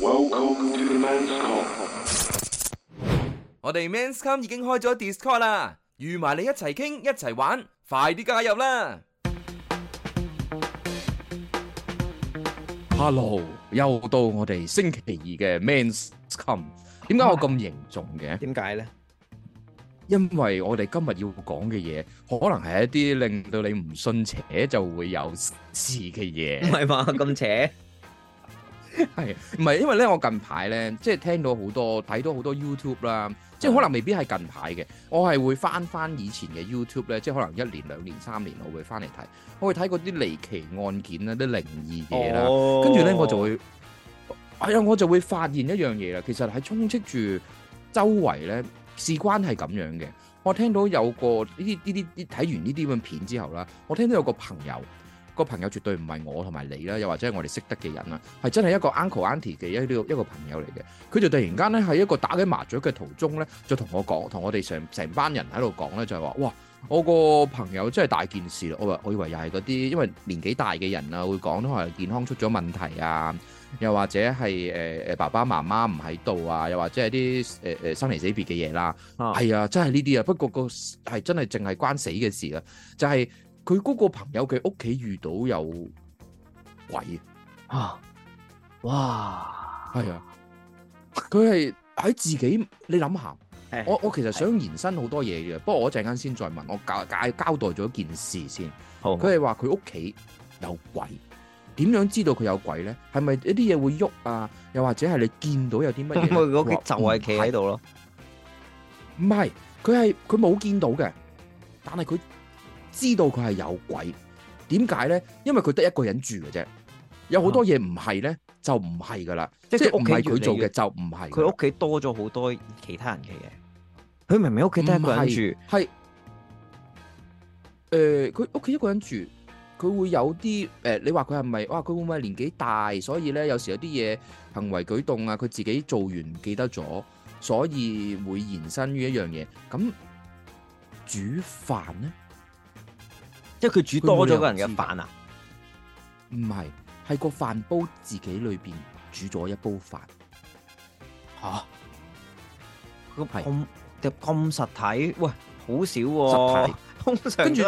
Welcome to the men's come。我哋 men's come 已經開咗 Discord 啦，預埋你一齊傾一齊玩，快啲加入啦！Hello，又到我哋星期二嘅 men's come。點解我咁嚴重嘅？點解咧？因為我哋今日要講嘅嘢，可能係一啲令到你唔信邪就會有事嘅嘢。唔係嘛？咁邪？ 係，唔係 因為咧，我近排咧，即係聽到好多睇到好多 YouTube 啦，即係可能未必係近排嘅，我係會翻翻以前嘅 YouTube 咧，即係可能一年、兩年、三年我會翻嚟睇，我會睇嗰啲離奇案件靈異啦、啲靈異嘢啦，跟住咧我就會，哎呀，我就會發現一樣嘢啦，其實係充斥住周圍咧，事關係咁樣嘅，我聽到有個呢啲，呢啲睇完呢啲咁嘅片之後啦，我聽到有個朋友。個朋友絕對唔係我同埋你啦，又或者係我哋識得嘅人啊，係真係一個 uncle auntie 嘅一啲一個朋友嚟嘅。佢就突然間咧，喺一個打緊麻雀嘅途中咧，就同我講，同我哋成成班人喺度講咧，就係話：哇，我個朋友真係大件事咯！我以為又係嗰啲，因為年紀大嘅人啊，會講都能健康出咗問題啊，又或者係誒誒爸爸媽媽唔喺度啊，又或者係啲誒誒生離死別嘅嘢啦。係啊，啊，真係呢啲啊，不過個係真係淨係關死嘅事啊，就係。佢嗰個朋友嘅屋企遇到有鬼啊！哇，係啊！佢係喺自己，你諗下，我我其實想延伸好多嘢嘅，不過我陣間先再問，我解解交代咗一件事先。好，佢係話佢屋企有鬼，點樣知道佢有鬼咧？係咪一啲嘢會喐啊？又或者係你見到有啲乜嘢？佢就係企喺度咯，唔係，佢係佢冇見到嘅，但係佢。知道佢係有鬼，點解咧？因為佢得一個人住嘅啫，有好多嘢唔係咧，就唔係噶啦，啊、即係唔係佢做嘅就唔係。佢屋企多咗好多其他人嘅嘢，佢明明屋企得一個人住，係誒，佢屋企一個人住，佢會有啲誒、呃，你話佢係咪？哇，佢會唔會係年紀大，所以咧，有時有啲嘢行為舉動啊，佢自己做完記得咗，所以會延伸於一樣嘢。咁煮飯咧？即係佢煮多咗一個人嘅飯啊？唔係，係個飯煲自己裏邊煮咗一煲飯。哦、啊，咁咁是實體，喂，好少喎、哦。實體通常跟住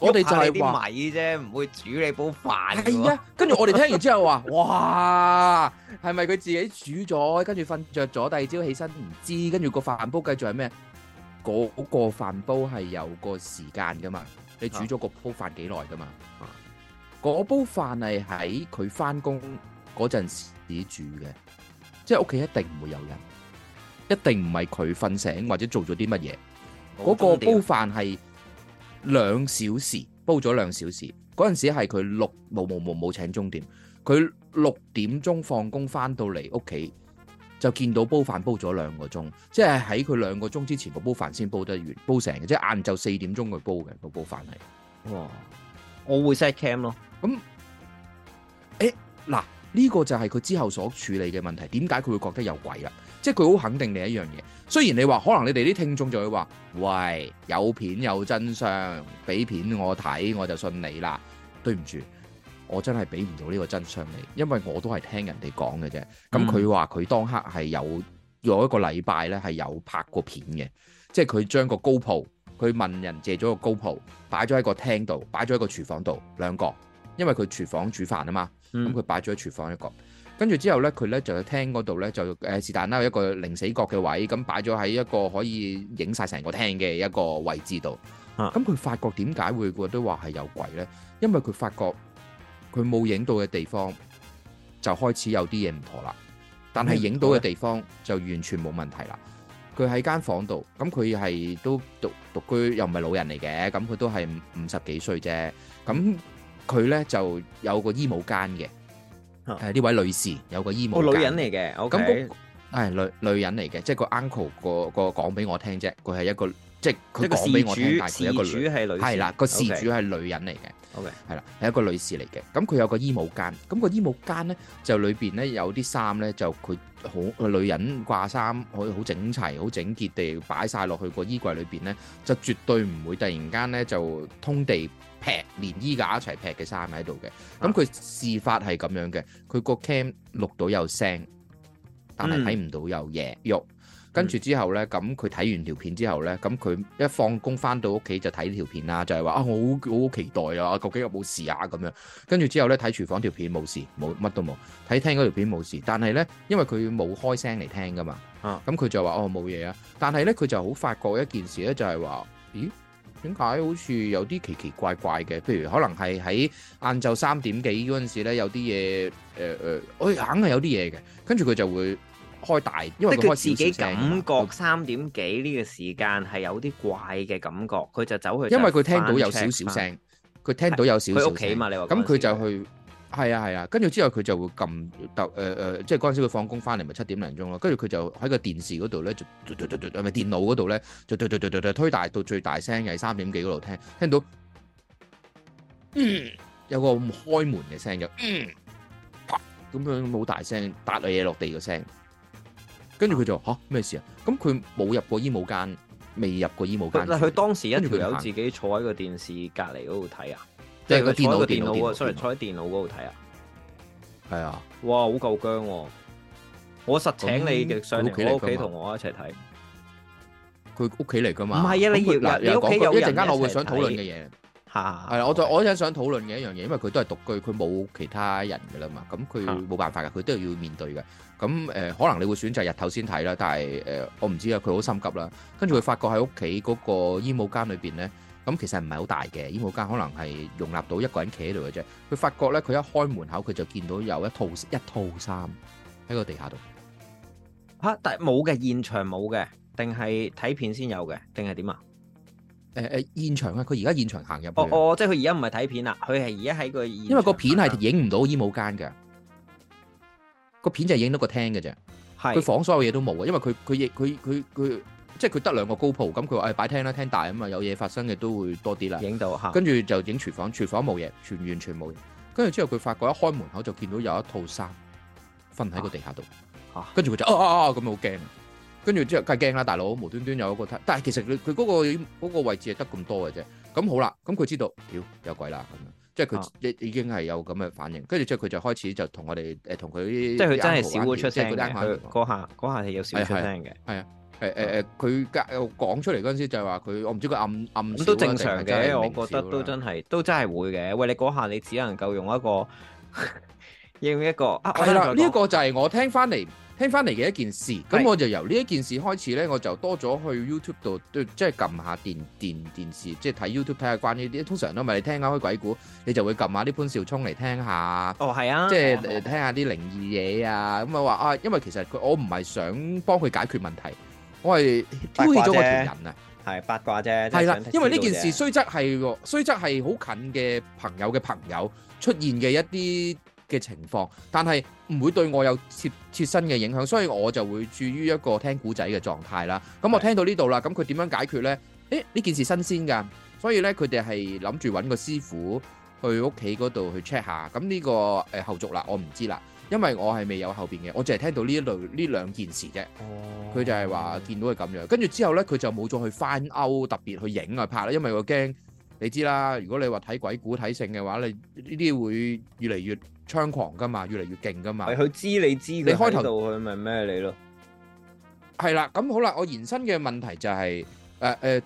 我哋就係啲米啫，唔會煮你煲飯。係啊，跟住我哋聽完之後話， 哇，係咪佢自己煮咗？跟住瞓着咗，第二朝起身唔知，跟住個飯煲繼續係咩？嗰、那個飯煲係有個時間㗎嘛？你煮咗個煲飯幾耐㗎嘛？嗰、那個、煲飯係喺佢翻工嗰陣時煮嘅，即係屋企一定唔會有人，一定唔係佢瞓醒或者做咗啲乜嘢。嗰個煲飯係兩小時煲咗兩小時，嗰陣時係佢六冇冇冇冇請鐘點，佢六點鐘放工翻到嚟屋企，就見到煲飯煲咗兩個鐘，即係喺佢兩個鐘之前個煲飯先煲得完，煲成嘅，即係晏晝四點鐘佢煲嘅個煲飯係。哇！我會 set cam 咯。咁，誒嗱，呢個就係佢之後所處理嘅問題。點解佢會覺得有鬼啦？即係佢好肯定你一樣嘢。雖然你話可能你哋啲聽眾就會話：喂，有片有真相，俾片我睇，我就信你啦。對唔住。我真係俾唔到呢個真相你，因為我都係聽人哋講嘅啫。咁佢話佢當刻係有有一個禮拜呢係有拍過片嘅，即係佢將個高鋪，佢問人借咗個高鋪擺咗喺個廳度，擺咗喺個廚房度兩個，因為佢廚房煮飯啊嘛。咁佢擺咗喺廚房一個，跟住之後呢，佢呢就喺廳嗰度呢，就誒是但啦，呃、有一個零死角嘅位，咁擺咗喺一個可以影晒成個廳嘅一個位置度。咁佢、啊、發覺點解會覺得話係有鬼呢？因為佢發覺。佢冇影到嘅地方就開始有啲嘢唔妥啦，但係影到嘅地方就完全冇問題啦。佢喺間房度，咁佢係都獨獨居，又唔係老人嚟嘅，咁佢都係五十幾歲啫。咁佢咧就有個衣帽間嘅，係呢、啊、位女士有個衣帽間、哦。女人嚟嘅，咁、okay、係、嗰個哎、女女人嚟嘅，即係個 uncle、嗰個講俾我聽啫。佢係一個即係佢講俾我聽，但係一個女係啦，個事主係女人嚟嘅。okay OK，係啦，係一個女士嚟嘅，咁佢有個衣帽間，咁個衣帽間呢，就裏邊呢有啲衫呢，就佢好女人掛衫，可以好整齊、好整潔地擺晒落去個衣櫃裏邊呢，就絕對唔會突然間呢就通地劈連衣架一齊劈嘅衫喺度嘅。咁佢、啊、事發係咁樣嘅，佢個 cam 錄到有聲，但係睇唔到有嘢喐。嗯嗯、跟住之後呢，咁佢睇完條片之後呢，咁佢一放工翻到屋企就睇條片啦，就係、是、話啊，我好好，好期待啊，究竟有冇事啊咁樣？跟住之後呢，睇廚房條片冇事，冇乜都冇；睇廳嗰條片冇事，但係呢，因為佢冇開聲嚟聽噶嘛，啊，咁佢、嗯、就話哦冇嘢啊。但係呢，佢就好發覺一件事呢就係話，咦，點解好似有啲奇奇怪怪嘅？譬如可能係喺晏晝三點幾嗰陣時呢，有啲嘢，誒、呃、誒，我、呃哎、硬係有啲嘢嘅。跟住佢就會開大，因為佢自己感覺三點幾呢個時間係有啲怪嘅感覺，佢就走去。因為佢聽到有少少聲，佢是聽到有少少是。屋企嘛，你咁佢但 時 就去，係啊係啊，啊。跟住之後佢就會撳，誒、呃、誒，即係嗰陣時佢放工翻嚟咪七點零鐘咯。跟住佢就喺個電視嗰度咧，咪電腦嗰度咧，就推大、呃、到最大聲，係三點幾嗰度聽，聽到，嗯，有個開門嘅聲就，啪，咁、呃、樣好大聲，打嚟嘢落地嘅聲。跟住佢就吓，咩事啊？咁佢冇入過醫務間，未入過醫務間。嗱，佢當時一條友自己坐喺個電視隔籬嗰度睇啊，即係坐喺個電腦啊，sorry 坐喺電腦嗰度睇啊。係啊！哇，好夠僵！我實請你嘅，上嚟我屋企同我一齊睇。佢屋企嚟噶嘛？唔係啊，你你屋企有。一陣間我會想討論嘅嘢。係啦，我就我一陣想討論嘅一樣嘢，因為佢都係獨居，佢冇其他人嘅啦嘛，咁佢冇辦法嘅，佢都要面對嘅。咁誒，可能你會選擇日頭先睇啦，但係誒，我唔知啊，佢好心急啦。跟住佢發覺喺屋企嗰個衣帽間裏邊咧，咁其實唔係好大嘅衣帽間，可能係容納到一個人企喺度嘅啫。佢發覺咧，佢一開門口，佢就見到有一套一套衫喺個地下度。嚇！但係冇嘅現場冇嘅，定係睇片先有嘅，定係點啊？誒誒，現場啊！佢而家現場行入去。哦哦，即係佢而家唔係睇片啦，佢係而家喺個。因為個片係影唔到衣帽間嘅，個片就係影到個廳嘅啫。佢房所有嘢都冇嘅，因為佢佢亦佢佢佢，即係佢得兩個高鋪，咁佢話誒擺廳啦，廳、哎、大咁嘛，有嘢發生嘅都會多啲啦。影到跟住、嗯、就影廚房，廚房冇嘢，全完全冇嘢。跟住之後佢發覺一開門口就見到有一套衫，瞓喺個地下度。跟住佢就啊咁好驚。啊啊啊啊跟住之後，梗係驚啦，大佬，無端端有一個，但係其實佢佢嗰個位置係得咁多嘅啫。咁好啦，咁佢知道，有鬼啦咁，即係佢已已經係有咁嘅反應。跟住之後，佢就開始就同我哋誒同佢，即係佢真係少咗出聲嘅。嗰下嗰下嗰下係有少出聲嘅。係啊，誒誒誒，佢又講出嚟嗰陣時就係話佢，我唔知佢暗暗。都正常嘅，我覺得都真係都真係會嘅。喂，你嗰下你只能夠用一個，用一個。係啦，呢個就係我聽翻嚟。聽翻嚟嘅一件事，咁我就由呢一件事開始咧，我就多咗去 YouTube 度，即係撳下電電電視，即係睇 YouTube 睇下關於啲，通常都咪你聽開鬼故，你就會撳下啲潘少聰嚟聽下。哦，係啊，即係聽下啲靈異嘢啊。咁啊話啊，因為其實佢，我唔係想幫佢解決問題，我係挑起咗個條癮啊。係八卦啫。係啦，因為呢件事雖則係，雖則係好近嘅朋友嘅朋友出現嘅一啲嘅情況，但係唔會對我有切切身嘅影響，所以我就會處於一個聽古仔嘅狀態啦。咁我聽到呢度啦，咁佢點樣解決呢？誒呢件事新鮮噶，所以呢，佢哋係諗住搵個師傅去屋企嗰度去 check 下。咁呢、呢個誒、呃、後續啦，我唔知啦，因為我係未有後邊嘅，我淨係聽到呢一類呢兩件事啫。佢就係話見到係咁樣，跟住之後呢，佢就冇再去翻歐，特別去影外拍啦，因為我驚。你知啦，如果你話睇鬼故睇性嘅話，你呢啲會越嚟越猖狂噶嘛，越嚟越勁噶嘛。係佢知你知，你開頭佢咪咩你咯。係啦，咁好啦，我延伸嘅問題就係、是，誒、呃、誒、呃，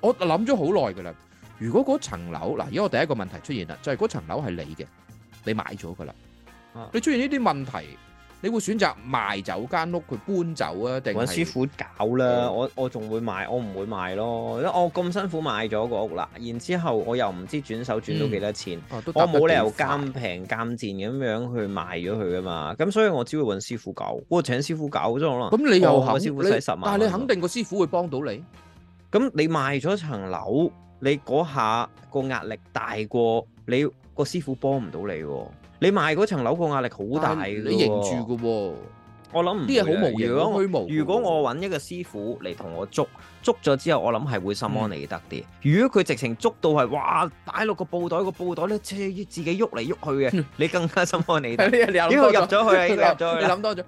我諗咗好耐噶啦。如果嗰層樓，嗱，而我第一個問題出現啦，就係、是、嗰層樓係你嘅，你買咗噶啦，啊、你出現呢啲問題。你會選擇賣走間屋佢搬走啊？定揾師傅搞啦？哦、我我仲會賣，我唔會賣咯。因為我咁辛苦買咗個屋啦，然之後我又唔知轉手轉到幾多錢，嗯哦、得得我冇理由咁平咁賤咁樣去賣咗佢噶嘛。咁所以我只會揾師傅搞，我、哦、請師傅搞咗咯。咁、嗯哦、你又搵師傅使十萬？但係你肯定個師傅會幫到你。咁你賣咗層樓，你嗰下個壓力大過你。你個師傅幫唔到你喎，你賣嗰層樓個壓力好大嘅喎，你認住嘅喎。我諗啲嘢好無癮，虛無。如果我揾一個師傅嚟同我捉捉咗之後，我諗係會心安理得啲。如果佢直情捉到係哇，擺落個布袋，個布袋呢，即自己喐嚟喐去嘅，你更加心安理得。呢個入咗去，入咗，你諗多咗。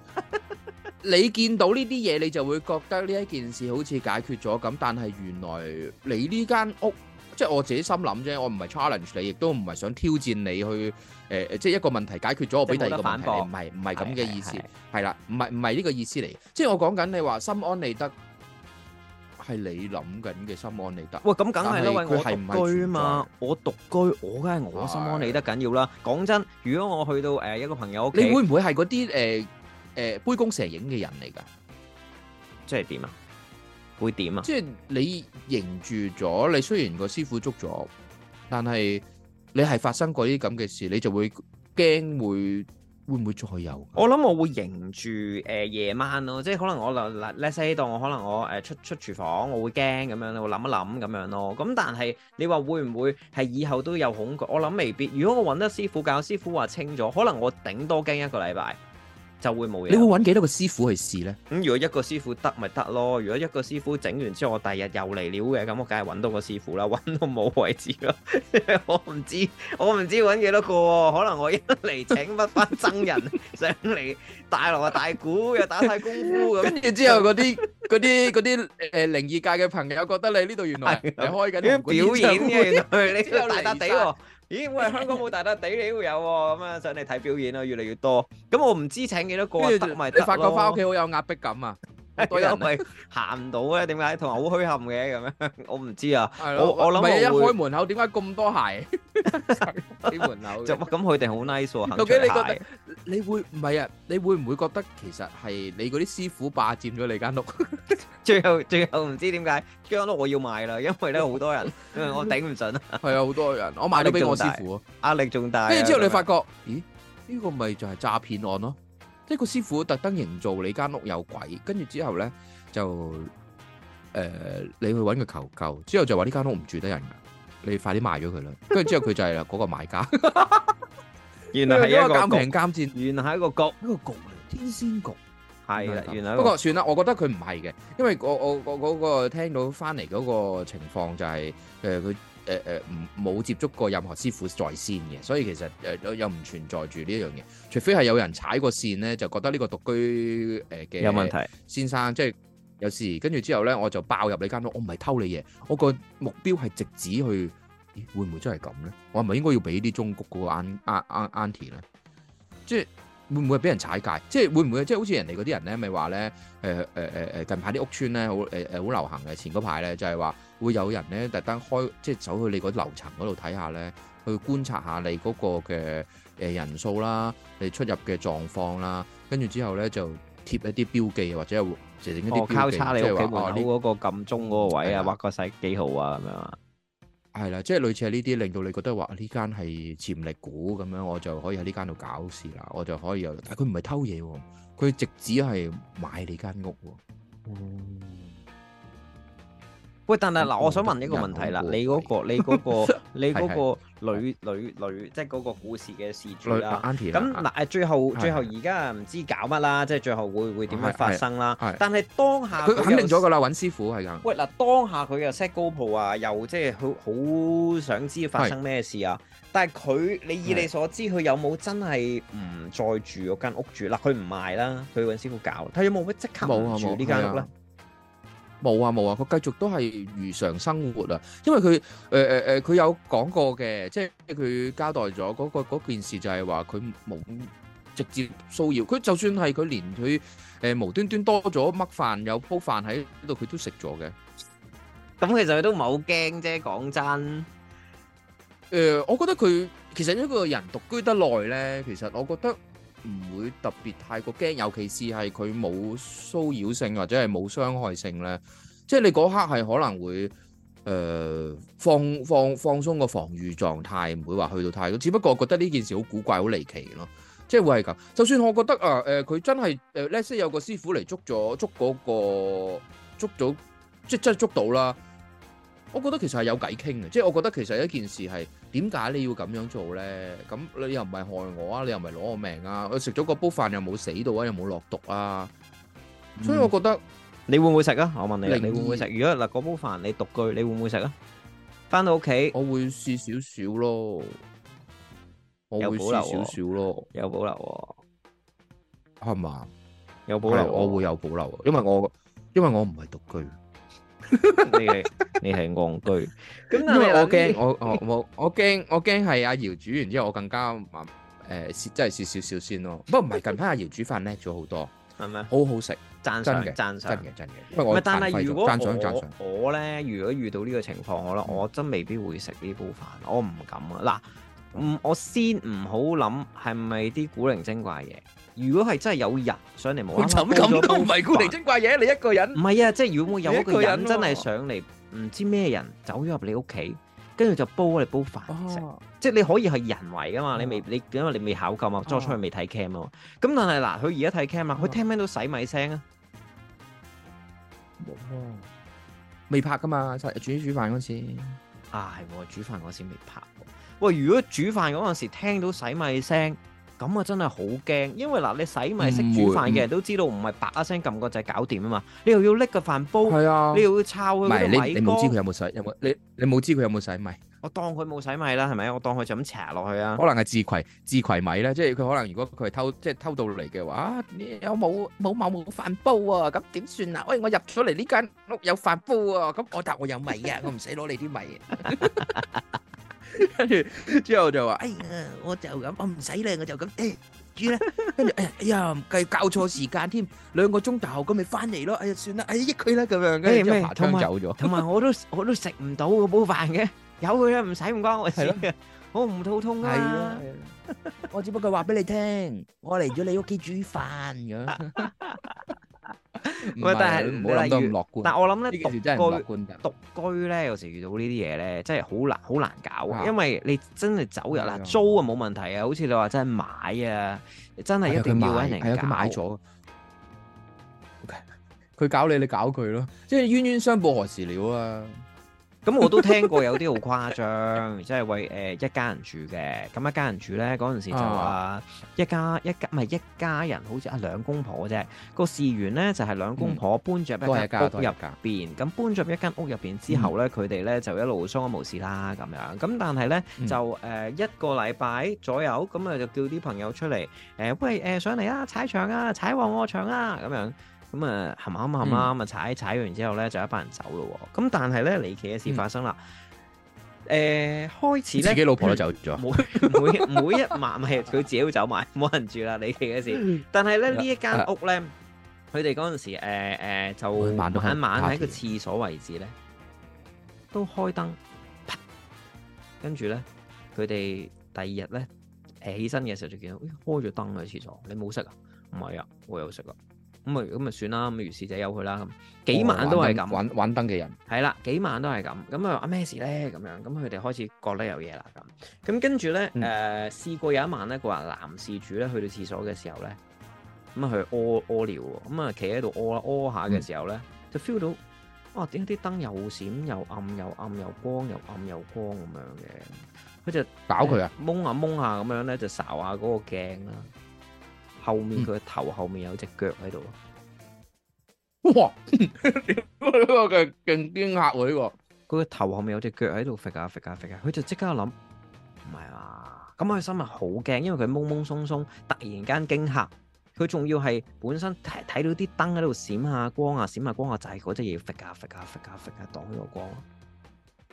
你見到呢啲嘢，你就會覺得呢一件事好似解決咗咁，但係原來你呢間屋。即係我自己心諗啫，我唔係 challenge 你，亦都唔係想挑戰你去誒，即係一個問題解決咗，我俾第二個問題，唔係唔係咁嘅意思，係啦，唔係唔係呢個意思嚟。即係我講緊你話心安理得，係你諗緊嘅心安理得。喂，咁梗係你，我係唔係存在？我獨居，我梗係我心安理得緊要啦。講真，如果我去到誒一個朋友屋企，會唔會係嗰啲誒誒杯弓蛇影嘅人嚟噶？即係點啊？會點啊？即係你凝住咗，你雖然個師傅捉咗，但係你係發生過啲咁嘅事，你就會驚會會唔會再有？我諗我會凝住誒、呃、夜晚咯，即係可能我留 less 呢度，我可能我誒、呃、出出廚房，我會驚咁樣，我諗一諗咁樣咯。咁但係你話會唔會係以後都有恐懼？我諗未必。如果我揾得師傅教，師傅話清咗，可能我頂多驚一個禮拜。就會冇嘢。你會揾幾多個師傅去試咧？咁如果一個師傅得，咪得咯。如果一個師傅整完之後，我第二日又嚟料嘅，咁我梗係揾多個師傅啦，揾到冇位置咯。 我唔知，我唔知揾幾多個。可能我一嚟請不翻僧人 上嚟，大鑼大鼓又打曬功夫，咁跟住之後嗰啲啲啲誒靈異界嘅朋友覺得你呢度原來係開緊的表演嘅，你都有大笪地喎。咦，我係香港冇大得地，你會有喎、哦。咁啊，上嚟睇表演咯，越嚟越多。咁我唔知請幾多個，得咪得咯。你發覺翻屋企好有壓迫感啊，我係、 啊、行唔到咧，點解同埋好虛冚嘅咁樣？我唔知啊。 我我諗我會一開門口，點解咁多鞋？啲 門口咁佢哋好 nice 喎，行著鞋究竟你覺得。你會唔係啊？你會唔會覺得其實係你嗰啲師傅霸佔咗你間屋？ 最後最後唔知點解，張屋我要賣啦，因為咧好多人，因 我頂唔順啦。係啊，好多人，我賣咗俾我師傅，壓力仲大。跟住，啊、之後你發覺，是是咦？呢，這個咪就係詐騙案咯，即，這，係個師傅特登營造你間屋有鬼，跟住之後咧就誒、呃，你去揾佢求救，之後就話呢間屋唔住得人，你快啲賣咗佢啦。跟住之後佢就係啦，嗰個買家， 原來係一個奸騙奸詐，原來係一個局，監監一個局嚟，天仙局。係，原來不過算啦，我覺得佢唔係嘅，因為我我我嗰個聽到翻嚟嗰個情況就係、是，誒佢誒誒唔冇接觸過任何師傅在先嘅，所以其實誒、呃、又唔存在住呢一樣嘢，除非係有人踩過線咧，就覺得呢個獨居誒嘅、呃、有問題先生，即係有時跟住之後咧，我就爆入你間屋，我唔係偷你嘢，我個目標係直指去，欸、會唔會真係咁咧？我係咪應該要俾啲中國嗰個安安安安田咧？即係。會唔會俾人踩界？即係會唔會？即係好似人哋嗰啲人咧，咪話咧誒誒誒誒，近排啲屋邨咧好誒誒好流行嘅。前嗰排咧就係、是、話會有人咧特登開，即係走去你個樓層嗰度睇下咧，去觀察下你嗰個嘅誒人數啦，你出入嘅狀況啦，跟住之後咧就貼一啲標記，或者係整一啲、哦、交叉你，你話喎屋企嗰個撳鐘嗰個位啊，哎、呀畫個洗幾號啊咁樣。係啦，即係類似係呢啲令到你覺得話呢間係潛力股咁樣，我就可以喺呢間度搞事啦，我就可以有。但係佢唔係偷嘢喎，佢直接係買你間屋喎。嗯。喂，但係嗱，我想問一個問題啦，你嗰個，你嗰個，你嗰個女女女，即係嗰個故事嘅事主啦。咁嗱誒，最後最後而家唔知搞乜啦，即係最後會會點樣發生啦？但係當下佢肯定咗㗎啦，揾師傅係㗎。喂嗱，當下佢又 set GoPro 啊，又即係好好想知發生咩事啊。但係佢，你以你所知，佢有冇真係唔再住嗰間屋住？嗱，佢唔賣啦，佢揾師傅搞。佢有冇會即刻住呢間屋咧？冇啊冇啊，佢繼續都係如常生活啊，因為佢誒誒誒，佢有講過嘅，即係佢交代咗嗰個嗰件事就係話佢冇直接騷擾佢，就算係佢連佢誒無端端多咗乜飯有煲飯喺呢度，佢都食咗嘅。咁其實佢都唔係好驚啫，講真。誒，我覺得佢其實一個人獨居得耐咧，其實我覺得。唔會特別太過驚，尤其是係佢冇騷擾性或者係冇傷害性咧，即係你嗰刻係可能會誒、呃、放放放鬆個防禦狀態，唔會話去到太多。只不過我覺得呢件事好古怪、好離奇咯，即係會係咁。就算我覺得啊誒，佢、呃、真係誒 l e s 有個師傅嚟捉咗捉嗰、嗰個捉咗，即即係捉到啦。我覺得其實係有偈傾嘅，即係我覺得其實一件事係。點解你要咁樣做咧？咁你又唔係害我啊？你又唔係攞我命啊？我食咗個煲飯又冇死到啊，又冇落毒啊！所以我覺得你會唔會食啊？我問你，你會唔會食？如果嗱嗰煲飯你獨居，你會唔會食啊？翻到屋企，我會試少少咯，我會保留少少咯，有保留，係嘛？有保留，我會有保留，因為我因為我唔係獨居。你係你係戇居，咁因為我驚我我我我驚我驚係阿姚煮完之後我更加慢誒試真係試少少先咯，不過唔係近排阿姚煮飯叻咗好多係咪？好好食，讚賞讚賞真嘅真嘅，唔係，但係如果我我咧，如果遇到呢個情況我咧我真未必會食呢煲飯，我唔敢啊嗱，唔我先唔好諗係咪啲古靈精怪嘢。如果係真係有人上嚟冇，咁咁都唔係古靈精怪嘢，你一個人。唔係啊，即係如果我有一個人真係上嚟，唔知咩人走入你屋企，跟住就煲你煲飯食，即係你可以係人為噶嘛？你未你因為你未考究嘛，再出去未睇 cam 咯。咁但係嗱，佢而家睇 cam 啊，佢聽唔聽到洗米聲啊？冇啊！未拍噶嘛？煮煮飯嗰次啊，係喎煮飯嗰次未拍喎。喂，如果煮飯嗰陣時聽到洗米聲？咁啊，真係好驚，因為嗱，你洗米識煮飯嘅會人都知道，唔係白一聲撳個掣搞掂啊嘛，你又要拎個飯煲，啊、你又要抄佢，唔係你冇知佢有冇洗，有冇你你冇知佢有冇洗米？洗米？我當佢冇洗米啦，係咪？我當佢就咁斜落去啊？可能係自攜自攜米咧，即係佢可能如果佢係偷即係偷到嚟嘅話，有冇冇冇飯煲啊？咁點算啊？喂、哎，我入咗嚟呢間屋有飯煲啊，咁我答我有米啊， 我唔使攞你啲米，啊。 跟住之後就話，哎，我就咁，我唔使靚，我就咁，誒，煮啦。跟住，哎呀，計教、哎哎哎，錯時間添，兩個鐘頭後咁咪翻嚟咯。哎呀，算啦，哎益佢啦，咁樣。誒通走咗。同埋，哎哎，我都我都食唔到個煲飯嘅，有佢啦，唔使唔關我事。的我唔肚痛啊。係啊，我只不過話俾你聽，我嚟咗你屋企煮飯咁。 唔係， 是但係唔好諗到咁樂觀。但係我諗咧，獨獨獨居，獨居咧，有時遇到呢啲嘢咧，真係好難，好難搞。啊、因為你真係走入啦，的租啊冇問題啊，好似你話真係買啊，的真係一定要搵人搞。係啊，佢買咗。O K，佢搞你，你搞佢咯，即係冤冤相報何時了啊！咁 我都聽過有啲好誇張，即、就、係、是、為誒、呃、一家人住嘅。咁一家人住呢，嗰陣時就話一家一家唔係一家人，好似係、啊、兩公婆啫。個事緣呢，就係、是、兩公婆搬進一間屋入邊，咁、嗯、搬咗入一間屋入邊之後呢，佢哋、嗯、呢就一路相安無事啦咁樣。咁但係呢，嗯、就誒、呃、一個禮拜左右，咁啊就叫啲朋友出嚟誒、呃、喂誒、呃、上嚟啊，踩場啊，踩旺我場啊咁樣。咁啊，啱啱啱啊！踩踩完之後咧，就一班人走咯。咁但係咧，離奇嘅事發生啦。誒，開始自己老婆都走咗，每每每一晚咪佢自己都走埋，冇人住啦。離奇嘅事。但係咧，呢一間屋咧，佢哋嗰陣時誒誒，就晚晚喺個廁所位置咧，都開燈，跟住咧，佢哋第二日咧起身嘅時候就見到，咦，開咗燈喺廁所，你冇熄啊？唔係啊，我有熄啊。咁啊，咁啊，算啦，咁如是就有佢啦，咁幾晚都係咁玩玩燈嘅人，係啦，幾晚都係咁。咁啊，話咩事咧？咁樣，咁佢哋開始覺得有嘢啦，咁，咁跟住咧，誒、嗯呃、試過有一晚咧，佢話男事主咧去到廁所嘅時候咧，咁啊去屙屙尿喎，咁啊企喺度屙屙下嘅時候咧，嗯、就 feel 到，哇、啊！點解啲燈又閃又暗又暗又光又暗又光咁樣嘅？佢就搞佢啊，蒙、呃、下蒙下咁樣咧，就睄下嗰個鏡啦。後面佢個頭後面有隻腳喺度，哇！呢個佢勁驚嚇，佢喎，佢個頭後面有隻腳喺度揈啊揈啊揈啊。佢就即刻諗，唔係啊！咁佢心係好驚，因為佢懵懵鬆鬆，突然間驚嚇，佢仲要係本身睇睇到啲燈喺度閃下光啊，閃下光啊，就係嗰隻嘢揈啊揈啊揈啊揈啊擋咗光。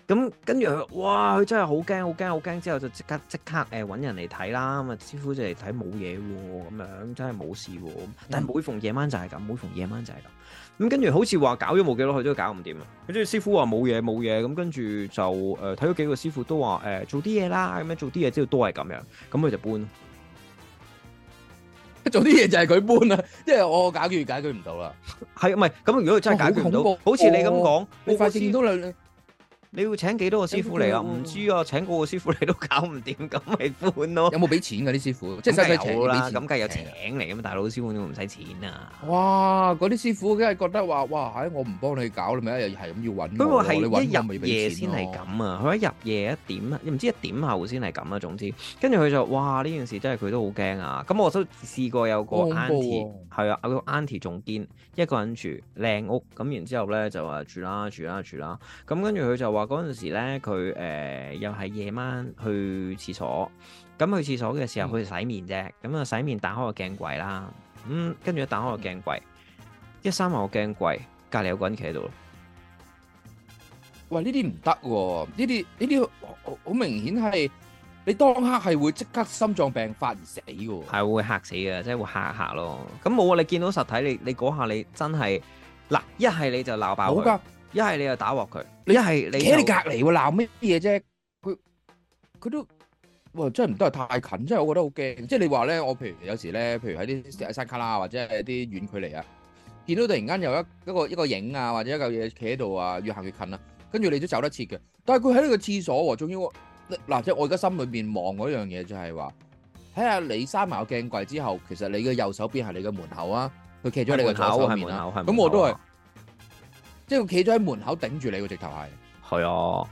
咁跟住佢，哇！佢真係好驚，好驚，好驚。之後就即刻即刻誒揾、呃、人嚟睇啦。咁啊，師傅就嚟睇冇嘢喎，咁樣真係冇事喎。但係每逢夜晚就係咁，每逢夜晚就係咁。咁跟住好似話搞咗冇幾耐，佢都搞唔掂。跟住師傅話冇嘢冇嘢。咁跟住就誒睇咗幾個師傅都話誒、欸、做啲嘢啦。咁樣做啲嘢之後都係咁樣。咁佢就搬。做啲嘢就係佢搬喇啊！即係我解決解決唔到啦。係唔係？咁如果佢真係解決唔到，好似你咁講，我發現都兩。你要請幾多個師傅嚟啊？唔、嗯、知啊，請個師傅你都搞唔掂，咁咪換咯。有冇俾錢㗎、啊、啲師傅？即係有啦，咁梗係有請嚟㗎嘛，大佬師傅點唔使錢啊？哇！嗰啲師傅梗係覺得話，哇！我唔幫你搞又要、啊、你咪一日係咁要揾我、啊。佢係一入夜先係咁啊！佢一入夜一點，唔知一點後先係咁啊！總之，跟住佢就哇！呢件事真係佢都好驚啊！咁、嗯、我都試過有個 auntie 係啊，有個 auntie 仲堅一個人住靚屋，咁然之後咧就話住啦住啦住啦，咁跟住佢就話。話嗰陣時咧，佢誒、呃、又係夜晚去廁所，咁去廁所嘅時候佢洗面啫，咁啊、嗯嗯、洗面打開個鏡櫃啦，咁跟住一打開一個鏡櫃，嗯、一閂埋個鏡櫃，隔籬有個人企喺度。喂，呢啲唔得，呢啲呢啲好明顯係你當刻係會即刻心臟病發而死噶，係會嚇死噶，即係會嚇一吓咯。咁冇啊，你見到實體，你你嗰下你，你真係嗱，一係你就鬧爆。一係你又打鑊佢，一係你企喺你隔離喎，鬧咩嘢啫？佢佢都哇，真係唔都係太近，真係我覺得好驚。即係你話咧，我譬如有時咧，譬如喺啲石喺山卡拉啊，或者係啲遠距離啊，見到突然間有一一個一個影啊，或者一嚿嘢企喺度啊，越行越近啦，跟住你都走得切嘅。但係佢喺呢個廁所，仲要嗱，即係我而家心裏面望嗰樣嘢就係話，睇下你閂埋個鏡櫃之後，其實你嘅右手邊係你嘅門口啊，佢企咗你嘅左手面啦。咁我都係。即係企咗喺門口頂住你個直頭係，係啊。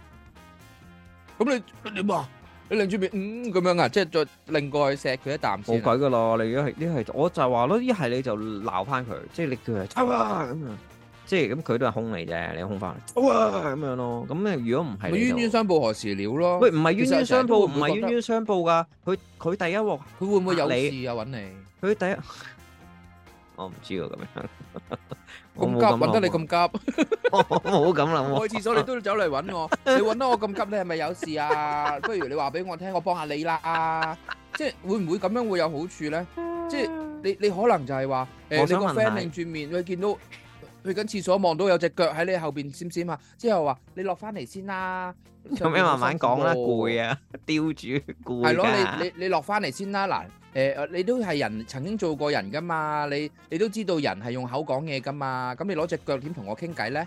咁你你點啊？你擰住邊嗯咁樣啊？即係再擰過去錫佢一啖先。冇鬼噶咯！你如果係呢係，我就係話咯，一係你就鬧翻佢，即係你叫佢哇咁啊！即係咁，佢都係空嚟啫，你空翻嚟咁樣咯。咁你，如果唔係，冤冤相報何時了咯？喂，唔係冤冤相報，唔係冤冤相報噶。佢佢第一鑊，佢會唔會有事有搵你？佢第一。我唔知喎，咁樣咁 急，揾得你咁急，好咁諗。我，我去廁所你都要走嚟揾我， 你揾得我咁急，你係咪有事啊？不如你話俾我聽，我幫下你啦。 即係會唔會咁樣會有好處咧？ 即係你你可能就係話，誒你個 friend 擰轉是面會見到。去緊廁所望到有隻腳喺你後邊，閃閃啊！之後話你落翻嚟先啦，做咩慢慢講啦，攰啊，吊住攰。係咯，你你你落翻嚟先啦，嗱，誒，你都係人，曾經做過人噶嘛，你你都知道人係用口講嘢噶嘛，咁你攞隻腳點同我傾偈咧？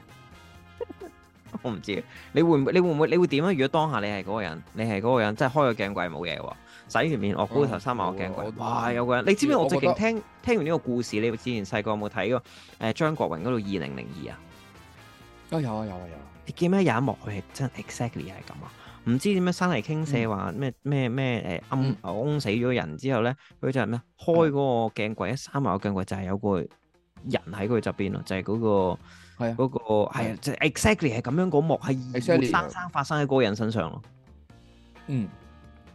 我唔知，你會唔會？你會唔會？你會點啊？如果當下你係嗰個人，你係嗰個人，即係開個鏡櫃冇嘢喎。洗完面，我估頭三萬個鏡櫃，哇、哦！有個人，你知唔知我最近聽聽完呢個故事？你之前細個有冇睇過誒張國榮嗰套《二零零二》啊？都有啊有啊有！你見咩有一幕係真 exactly 係咁啊？唔知點樣生嚟傾瀉話咩咩咩誒死咗人之後咧，佢就咩開嗰個鏡櫃一三萬個鏡櫃就係有個人喺佢側邊咯，就係嗰個個係即 exactly 係咁樣嗰幕係二零生發生喺嗰個人身上咯，嗯。嗯嗯嗯嗯嗯嗯嗯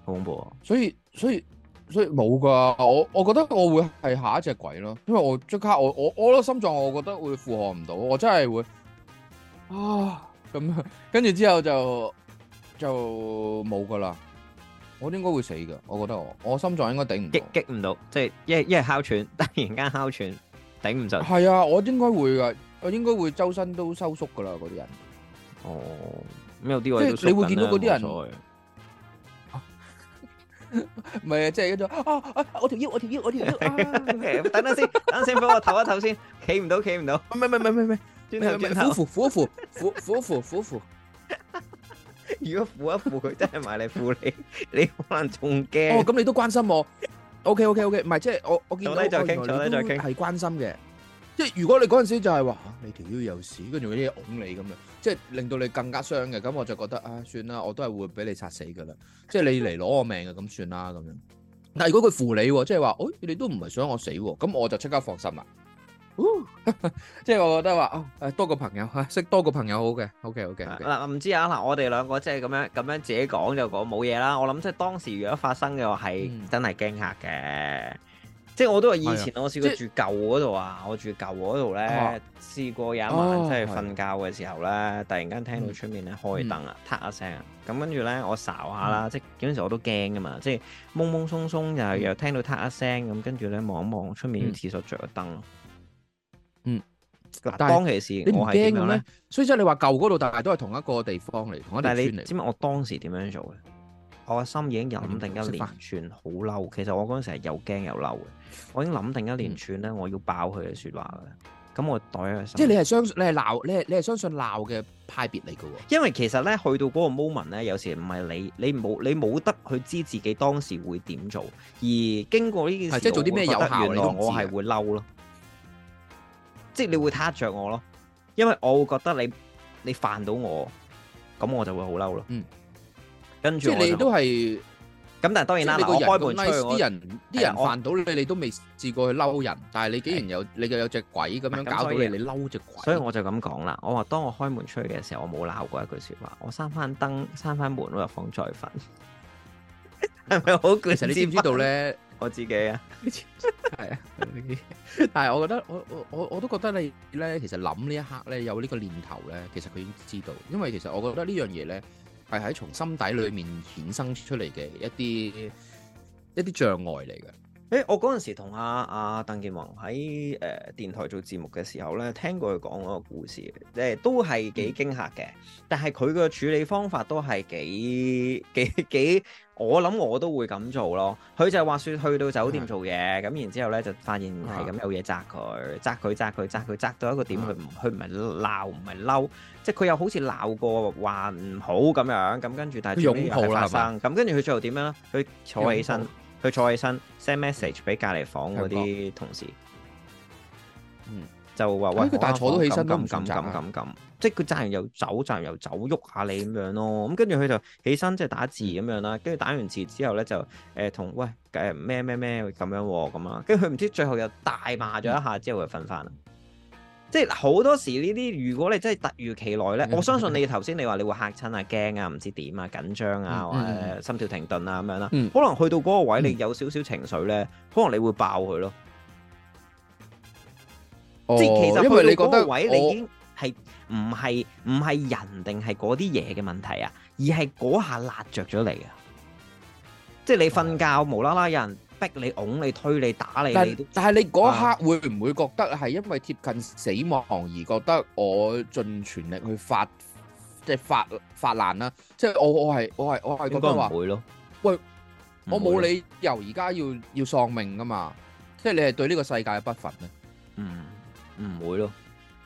好恐怖啊！所以所以所以冇噶，我我覺得我會係下一隻鬼咯，因為我即刻我我我嘅心臟，我覺得會負荷唔到，我真係會啊咁，跟住之後就就冇噶啦，我應該會死噶，我覺得我我心臟應該頂唔激激唔到，即係一一係哮喘突然間哮喘頂唔順，係啊，我應該會噶，我應該會周身都收縮噶啦嗰啲人，哦，咩有啲位即係你會見到嗰啲人。唔係啊，即係一種哦，我條腰，我條腰，我條腰啊！OK，等等先，等先，幫我唞一唞先，企唔到，企唔到，唔係唔係唔係唔係，轉頭，虎符，虎符，虎虎符，虎符。如果扶一扶佢，真係埋嚟扶你，你可能仲驚。哦，咁你都關心我。OK，OK，OK，唔係即係我我見到，老啲就傾，老啲就傾，係關心嘅。即係如果你嗰陣時就係、是、話、啊、你條腰有事，跟住嗰啲嘢㧬你咁樣，即係令到你更加傷嘅，咁我就覺得啊，算啦，我都係會俾你殺死噶啦，即係你嚟攞我命嘅，咁算啦咁樣。但如果佢扶你，即係話、哎， 哦，你都唔係想我死，咁我就即刻放心啦。即係我覺得話，哦，多個朋友吓，識、啊、多個朋友好嘅，ok ok。嗱，唔知啊，嗱我哋、啊、兩個即係咁樣咁樣自己講就講冇嘢啦。我諗即係當時如果發生嘅話係真係驚嚇嘅。即係我都話以前我試過住舊嗰度啊，我住舊嗰度咧試過有一晚即係瞓覺嘅時候咧，啊、突然間聽到出面咧開燈啊，嗒、嗯嗯、一聲啊，咁跟住咧我睄下啦，嗯、即係嗰陣時我都驚㗎嘛，即係懵懵鬆鬆又、嗯、又聽到嗒一聲咁，跟住咧望一望出面廁所着咗燈咯、嗯。嗯，嗱、嗯，但係當其時你唔驚咧，所以即係你話舊嗰度，但係都係同一個地方嚟同講，但係你知唔知我當時點樣做嘅？我個心已經諗定一連串好嬲，其實我嗰陣時係又驚又嬲嘅。我已經諗定一連串咧，我要爆佢嘅説話嘅。咁、嗯、我代即係你係相，你係鬧，你係你係相信鬧嘅派別嚟嘅喎。因為其實咧，去到嗰個 moment 咧，有時唔係你，你冇你冇得去知自己當時會點做，而經過呢件事，即係做啲咩有效？原來我係會嬲咯，即係你會撻着我咯，因為我會覺得你你犯到我，咁我就會好嬲咯。嗯。即係你都係咁，但係當然啦。你開門出去，啲人啲人犯到你，你都未試過去嬲人，但係你竟然，有你有隻鬼咁樣搞到你，你嬲隻鬼。所以我就咁講啦，我話當我開門出去嘅時候，我冇鬧過一句說話。我閂翻燈，閂翻門，入房再瞓。係咪好？其實你知唔知道咧？我自己啊，係啊。但係我覺得，我我我我都覺得你咧，其實諗呢一刻咧，有呢個念頭咧，其實佢已經知道，因為其實我覺得呢樣嘢咧。係喺從心底裏面衍生出嚟嘅一啲一啲障礙嚟嘅。誒、欸，我嗰陣時同阿阿鄧建宏喺誒電台做節目嘅時候咧，聽過佢講嗰個故事，誒、呃、都係幾驚嚇嘅。但係佢嘅處理方法都係幾幾幾。幾幾我諗我都會咁做咯。佢就話說去到酒店做嘢，咁的然之後咧就發現係咁有嘢責佢，責佢責佢責佢責到一個點，佢唔佢唔係鬧唔係嬲，的即係佢又好似鬧過話唔好咁樣，咁跟住但係最後發生咁跟住佢最後點樣咧？佢坐起身，佢抱坐起身 send message 俾隔離房嗰啲同事。的就話喂，佢大坐都起身咯，咁咁咁咁，即係佢站完又走，站完又走，喐下你咁樣咯。咁跟住佢就起身，即係打字咁樣啦。跟住打完字之後咧，就誒同、呃、喂誒咩咩咩咁樣喎咁啊。跟住佢唔知最後又大罵咗一下之後就，就瞓翻啦。即係好多時呢啲，如果你真係突如其來咧，我相信你頭先你話你會嚇親啊、驚啊、唔知點啊、緊張啊、或者、呃、心跳停頓啊咁樣啦。嗯嗯、可能去到嗰個位，你有少少情緒咧，可能你會爆佢咯。即係其實因為你覺得到嗰個位，你已經係唔係唔係人定係嗰啲嘢嘅問題啊？而係嗰下辣着咗你啊！即係你瞓覺無啦啦有人逼你拱，你推你，推你打你，但係你嗰刻會唔會覺得係因為貼近死亡而覺得我盡全力去發，嗯、即係發發爛啦、啊？即係我我係我係我係覺得話，唔會咯。喂，我冇理由而家要要喪命噶嘛？即係你係對呢個世界嘅不忿啊。嗯。唔會咯，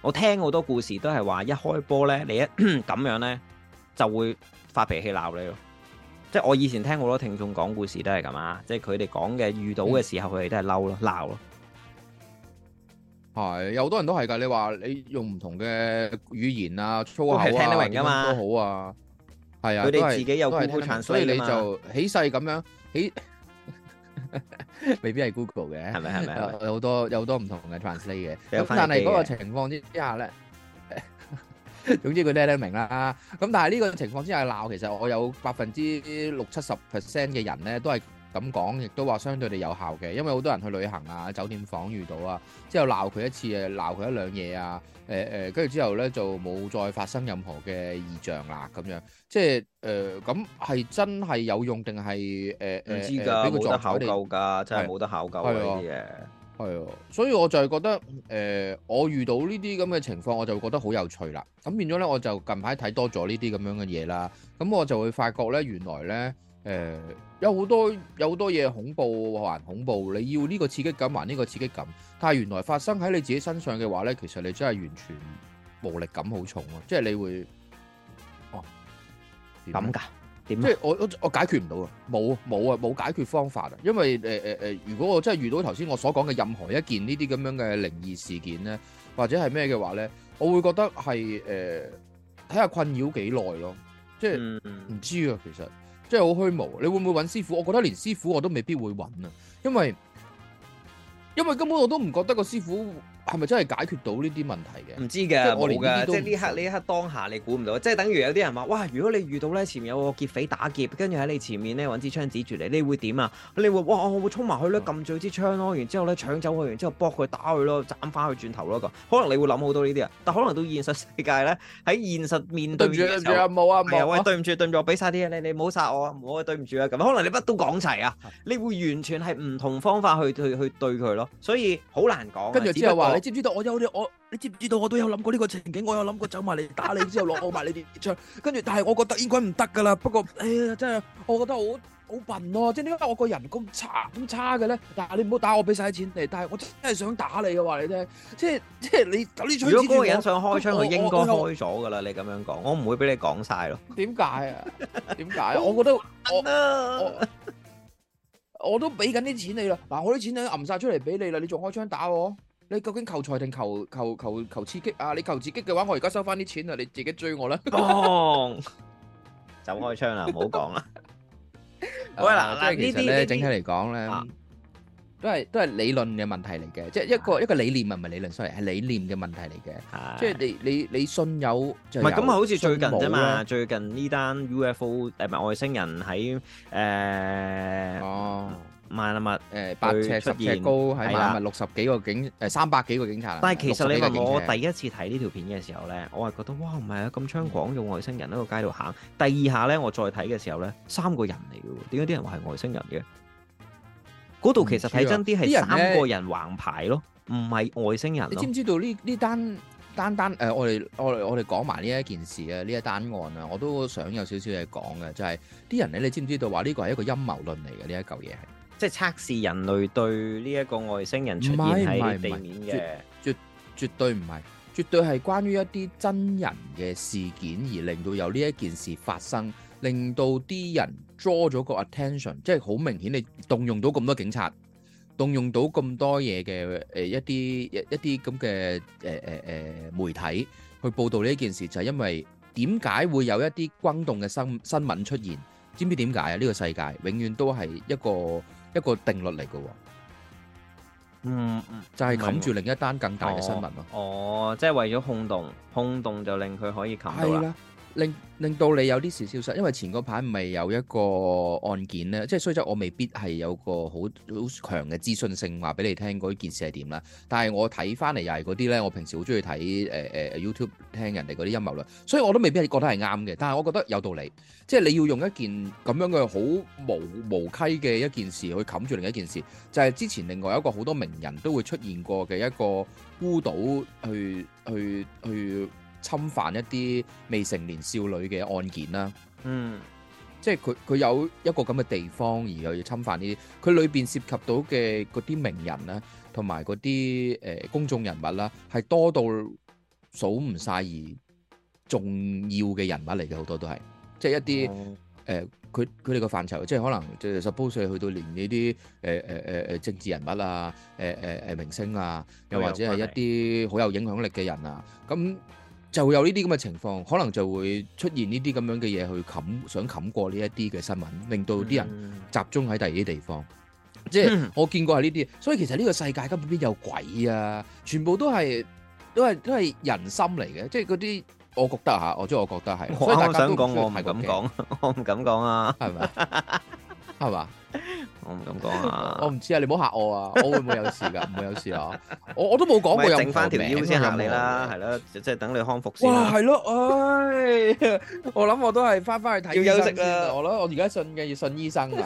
我聽好多故事都係話一開波咧，你一咁樣咧就會發脾氣鬧你咯。即係我以前聽好多聽眾講故事都係咁啊，即係佢哋講嘅遇到嘅時候佢哋都係嬲咯，鬧咯。係有好多人都係噶，你話你用唔同嘅語言啊，粗口聽得明㗎嘛？都好啊。係啊，佢哋是自己有 Google Translate 㗎嘛，所以你就起勢咁樣起。 未必係 Google 嘅，係咪，係咪？有好多有好多唔同嘅 translate 嘅，咁 但係嗰個情況之之下咧，總之佢叻得明聽得明啦。咁但係呢個情況之下鬧， 其實我有百分之六七十 percent 嘅人咧，都係。咁講，亦都話相對地有效嘅，因為好多人去旅行啊，酒店房遇到啊，之後鬧佢一次誒，鬧佢一兩嘢啊，誒、呃、誒，跟住之後咧就冇再發生任何嘅異象啦，咁樣即係誒，咁、呃、係真係有用定係誒唔知㗎，冇做考究㗎，真係冇得考究嗰啲嘢。係啊，啊，啊，所以我就係覺得誒、呃，我遇到呢啲咁嘅情況，我就覺得好有趣啦。咁變咗咧，我就近排睇多咗呢啲咁樣嘅嘢啦。咁我就會發覺咧，原來咧。誒、呃，有好多有好多嘢，恐怖還恐怖，你要呢個刺激感還呢個刺激感，但係原來發生喺你自己身上嘅話咧，其實你真係完全無力感好重啊，即係你會哦咁噶？點？即係我我解決唔到啊，冇冇啊，冇解決方法啊，因為誒誒誒，如果我真係遇到頭先我所講嘅任何一件呢啲咁樣嘅靈異事件咧，或者係咩嘅話咧，我會覺得係誒睇下困擾幾耐咯，即係唔、嗯、知啊，其實。真係好虛無，你會唔會揾師傅？我覺得連師傅我都未必會揾啊，因為因為根本我都唔覺得個師傅。係咪真係解決到呢啲問題嘅？唔知嘅，冇即係呢的刻呢刻當下你估唔到，即係等於有啲人話：哇！如果你遇到咧前面有個劫匪打劫，跟住喺你前面咧搵支槍指住你，你會點啊？你會哇！我會衝埋去咧，撳住支槍咯，然之後咧搶走佢，然之後駁佢打佢咯，斬翻去轉頭咯咁、那個。可能你會諗好多呢啲啊，但可能到現實世界咧，喺現實面對住對唔住冇啊，唔係、啊啊哎、喂，對唔住對唔住，我俾曬啲嘢你，你唔好殺我啊，我、啊、對唔住啊咁。可能你乜都講齊啊，的你會完全係唔同方法去去去對佢咯，所以好難講。跟住之後話。不說 你知唔知道我有啲我？你知唔知道我都有諗過呢個情景？我有諗過走埋嚟，打你之後落我埋你啲槍，跟住但係我覺得應該唔得噶啦。不過哎呀，真係我覺得好好笨咯、啊，即係點解我個人工差咁差嘅咧？但係你唔好打我，俾晒錢你，但係我真係想打你嘅話，你聽，即係即係你咁你。如果嗰個人想開槍，佢我應該開咗噶啦。你咁樣講，我唔會俾你講晒咯。點解啊？點解啊？我覺得我我都俾緊啲錢你啦。嗱，我啲錢你都揼晒出嚟俾你啦，你仲開槍打我？你究竟求財定求求求求刺激啊？你求刺激嘅話，我而家收翻啲錢啊！你自己追我啦。講，走開槍啦！唔好講啦。喂，嗱，即係其實咧，整體嚟講咧，都係都係理論嘅問題嚟嘅，即係一個一個理念，唔係理論，sorry，係理念嘅問題嚟嘅。即係你你你信有唔係咁啊？好似最近啫嘛，最近呢單 UFO 誒，咪外星人喺誒。萬物誒八尺十尺高，係萬物六十幾個警誒三百幾個警察。但係其實你話我第一次睇呢條片嘅時候咧，我係覺得哇唔係啊咁猖狂，用外星人喺個街度行。第二下咧，我再睇嘅時候咧，三個人嚟嘅，點解啲人話係外星人嘅？嗰度其實睇真啲係三個人橫排咯，唔係外星人。你知唔知道呢？呢單單單誒，我哋我我哋講埋呢一件事啊，呢一單案啊，我都想有少少嘢講嘅，就係啲人，你知唔知道話呢個係一個陰謀論嚟嘅呢一嚿嘢係？即係測試人類對呢一個外星人出現喺地面嘅，絕絕對唔係，絕對係關於一啲真人嘅事件而令到有呢一件事發生，令到啲人 draw 咗個 attention，即係好明顯你動用到咁多警察，動用到咁多嘢嘅誒一啲一一啲咁嘅誒誒誒媒體去報道呢一件事，就係因為點解會有一啲轟動嘅新新聞出現？知唔知點解啊？呢個世界永遠都係一個。一個定律嚟嘅，嗯，就係冚住另一單更大嘅新聞咯、哦。哦，即係為咗控動，控動就令佢可以冚到啦。令令到你有啲事消失，因為前嗰排唔係有一個案件咧，即係所以我未必係有個好好強嘅資訊性話俾你聽嗰件事係點啦。但係我睇翻嚟又係嗰啲咧，我平時好中意睇誒誒 YouTube 聽人哋嗰啲陰謀論，所以我都未必係覺得係啱嘅。但係我覺得有道理，即係你要用一件咁樣嘅好無無稽嘅一件事去冚住另一件事，就係、是、之前另外一個好多名人都會出現過嘅一個孤島去去去。去去去侵犯一啲未成年少女嘅案件啦，嗯，即係佢佢有一個咁嘅地方而去侵犯呢啲，佢裏邊涉及到嘅嗰啲名人啦、啊，同埋嗰啲誒公眾人物啦、啊，係多到數唔晒。而重要嘅人物嚟嘅，好多都係，即係一啲誒佢佢哋個範疇，即係可能十 plus 去到連呢啲誒誒誒誒政治人物啊，誒誒誒明星啊，又或者係一啲好有影響力嘅人啊，咁。就會有呢啲咁嘅情況，可能就會出現呢啲咁樣嘅嘢去冚，想冚過呢一啲嘅新聞，令到啲人集中喺第二啲地方。即係、嗯、我見過係呢啲，所以其實呢個世界根本邊有鬼啊！全部都係都係都係人心嚟嘅，即係嗰啲我覺得嚇，我即係我覺得係。所以我唔想講，我唔敢講，我唔敢講啊！係咪吧？係嘛？ 我唔敢講啊！我唔知啊！你唔好吓我啊！我會唔會有事噶？唔會有事啊！我我都冇講過，整翻條腰先吓你啦，係咯，即係等你康復先。哇，係咯，唉，我諗我都係翻翻去睇醫生啦。我諗，我而家信嘅要信醫生噶。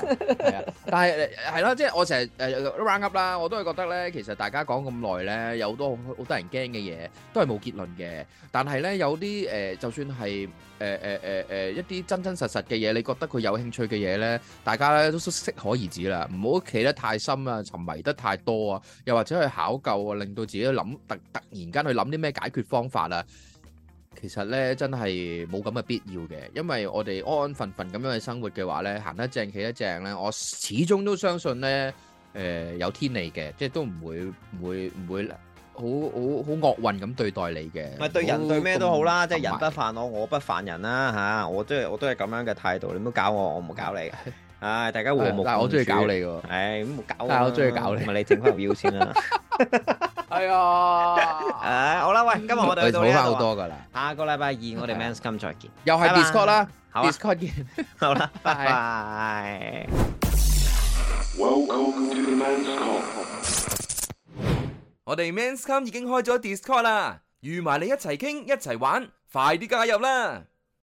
但係係啦，即係我成日誒 round up 啦，我都係覺得咧，其實大家講咁耐咧，有好多好多人驚嘅嘢，都係冇結論嘅。但係咧有啲誒，就算係誒誒誒誒一啲真真實實嘅嘢，你覺得佢有興趣嘅嘢咧，大家咧都識。可而止啦，唔好企得太深啊，沉迷得太多啊，又或者去考究啊，令到自己諗突突然間去諗啲咩解決方法啊，其實咧真係冇咁嘅必要嘅，因為我哋安安分分咁樣去生活嘅話咧，行得正企得正咧，我始終都相信咧，誒有天理嘅，即係都唔會唔會唔會好好好惡運咁對待你嘅。咪對人對咩都好啦，即係人不犯我我不犯人啦吓，我都係我都係咁樣嘅態度，你唔好搞我，我唔好搞你。唉，大家和睦。但係我中意搞你嘅，唉咁搞我。但係我中意搞你，唔係你整翻表先啦。係啊，唉好啦，喂，今日我哋到咗。又補翻好多噶啦。下個禮拜二我哋 Men's Come 再見。又係 Discord 啦，Discord 見。好啦，拜拜。Welcome to the Men's Come。我哋 Men's Come 已經開咗 Discord 啦，預埋你一齊傾，一齊玩，快啲加入啦！